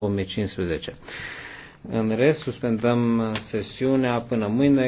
2015. În rest, suspendăm sesiunea până mâine.